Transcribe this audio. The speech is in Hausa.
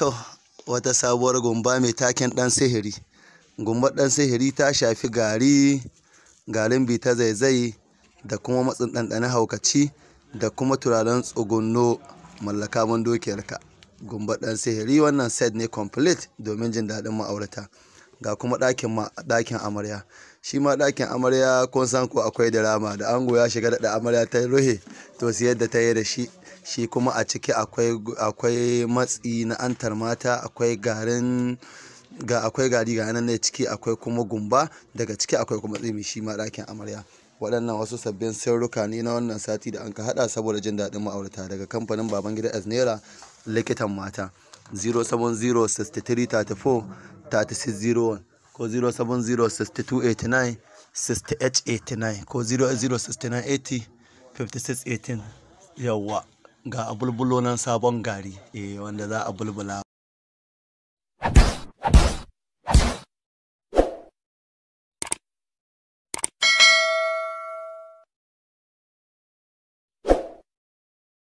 to wata sabuwar gumba mai taken ɗan sihiri gumbar ɗan sihiri ta shafi gari garin bi ta zaizai da kuma matsin ɗanɗanin haukaci da kuma turaren tsugunno mallaka mun dokiyarka gumbar ɗan sihiri wannan set ne complete domin jin daɗin ma'aurata ga kuma ɗakin amarya shi ma ɗakin amarya kun san ko akwai drama da ango ya shiga da amarya ta ruhe to yadda ta yi da shi shi kuma a ciki akwai matsi na antar mata akwai garin ga akwai gari ga nan ne ciki akwai kuma gumba daga ciki akwai kuma tsimi shi ma ɗakin amarya waɗannan wasu sabbin sirruka ne na wannan sati da an ka haɗa saboda jin daɗin ma'aurata daga kamfanin babangida aznera likitan mata 070 3601 ko 070 6889 ko 080 18 yawa ga a bulbulo nan sabon gari eh wanda za a bulbula